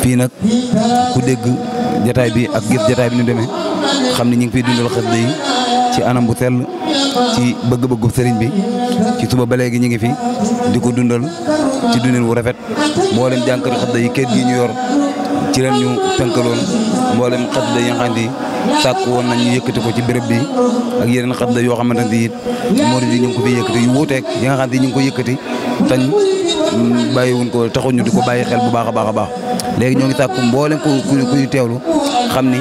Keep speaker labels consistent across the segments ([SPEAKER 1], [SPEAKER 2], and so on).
[SPEAKER 1] fii nag ku dégg jataay bi ak gis jataay bi ñu demee xam ne ñu ngi fiy dundal xasida yi ci anam bu sell ci bëgg-bëggu sëriñ bi ci suba ba léegi ñu ngi fi di ko dundal ci dundin wu rafet mboolem jànkati xasida yi kayit gi ñu yor ci ren ñu tënkaloon boole xasida yi nga xam ne sàkk woon nañ ñu yëkkati ko ci bërëb bi ak yeneen xasida yoo xamante ne it murid yi ñu ko fi yëkkati yu wuuteeg yi nga xam ne ñu ngi ko yëkkati tañ mm, bàyyiwuñ ko taxuñu di ko bàyyi xel bu baax a baax a baax léegi ñoo ngi sàkku mboolem ku kuy teewlu xam ni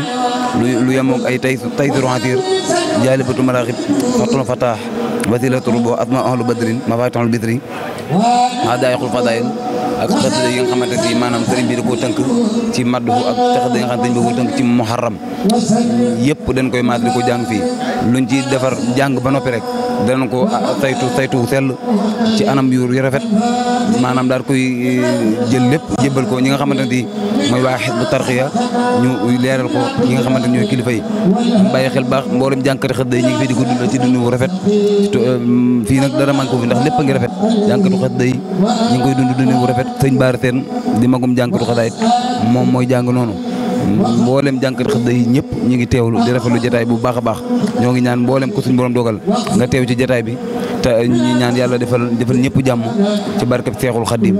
[SPEAKER 1] lu lu yemoog ay tay tay surentir jaalibatu maraaxib fatun fataax wasilatu rubo asma ahlu badrin ma fay taxul bitri ma daayixul fadaayil ak xasida yi nga xamante ni maanaam sëriñ bi koo tënk ci maddu ak xasida yi nga xamante ni da koo tënk ci yëpp dañ koy maas di ko jàng fii ci defar jàng ba noppi rek danañ ko saytu saytu sell ci anam yu rafet maanaam daal koy eh, jël lépp jébbal ko ñi nga xamante ni mooy waa xisbu ñu leeral ko ñi nga xamante ni ñooy kilifa yi xel baax mboolem jànkati xasida yi ñu ngi ko dundal ci dund wu rafet fii nag dara manqué fi ndax lépp a ngi rafet jànkatu xasida yi ñu ngi koy dund dund bu rafet sëñ Bara Teen di magum jànkatu xasaayit moom mooy jàng noonu mboolem jànkatu xasida day ñëpp ñu ngi teewlu di rafetlu jotaay bu baax a baax ñoo ngi ñaan mboolem ko suñ borom dogal nga teew ci jotaay bi te ñu ñaan yàlla defal defal ñëpp jàmm ci barkeb Seexul Xaddim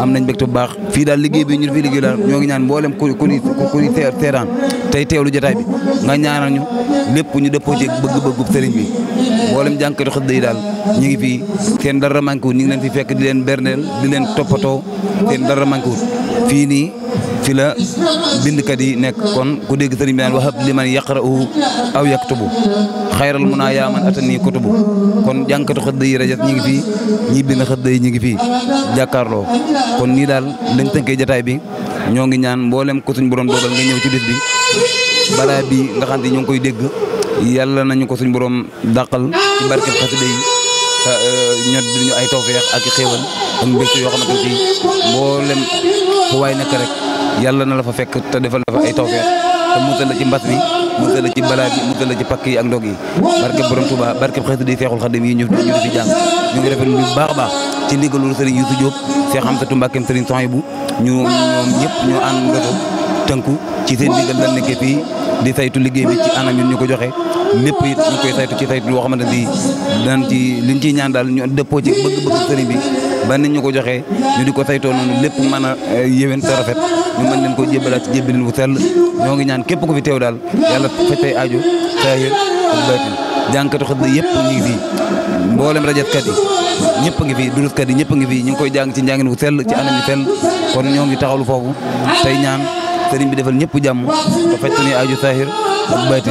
[SPEAKER 1] am nañ mbégte bu baax fii daal liggéey bi ñu fi liggéey daal ñoo gi ñaan mboolem ku ku ku ni teeraan tey teewlu jotaay bi nga ñaanal ñu lépp ñu dëppoo ci bëgg-bëggu sëriñ bi mboolem jànkatu xëdd yi daal ñu ngi fii seen dara manqué wut ñu ngi leen fi fekk di leen berndeel di leen toppatoo seen dara manqué fii nii fi bind bindkat yi nekk kon ku dégg sëriñ bi naan wahab liman u aw yaktubu xayral munaa yaa man atani kutubu kon jànkatu xëdda yi rajas ñi ngi fii ñi bind xëdda yi ñi ngi fi jàkkaarloo kon nii daal lañ tënkee jataay bi ñoo ngi ñaan mboolem ko suñ borom dogal nga ñëw ci bis bi balaa bi nga xam ne ñoo ngi koy dégg yàlla nañu ko suñ borom dàqal ci barkeb xasida yi Euh, ñoom ñu ay tawfeex ak xéewal ak mbégte yoo xamante ni mboolem fu waay nekk rek yalla na la fa fekk te defal la fa ay taw tawfeex te musal la ci mbas mi musal la ci balaa bi mu la ci pakk yi ak ndog yi barke borom Touba barke xeetu di Seexul Xadim yi ñu ñu di fi jàng ñu ngi rafetlu bu baax a baax ci ndigalul Serigne Youssou Diop Cheikh Hamsatou Mbackeem Serigne Souhaïbou ñu ñoom ñëpp ñu àndandoo tënku ci seen ndigal lan nekkee fii di saytu liggéey bi ci anam ñun ñu ko joxe lépp it ñu koy saytu ci saytu boo xamante ni daan ci ciy ñaan daal ñu dëppoo ci bëgg-bëgg sëriñ ba nit ñu ko joxe ñu di ko saytoo noonu lépp mën a eh, yéwén te rafet ñu mën leen ko jébbalaat ci jébbalin bu sell ñoo ngi ñaan képp ku fi teew daal yàlla faj tay aajo saahir ak baatin jàngkatu xët yëpp ñu ngi fi mboolem rajatkat yi ñëpp ngi fi duruskat yi ñëpp ngi fi ñu ngi koy jàng ci njàngin bu sell ci anam yu sell kon ñoo ngi taxawlu foofu tey ñaan sëriñ bi defal ñëpp jàmm te faj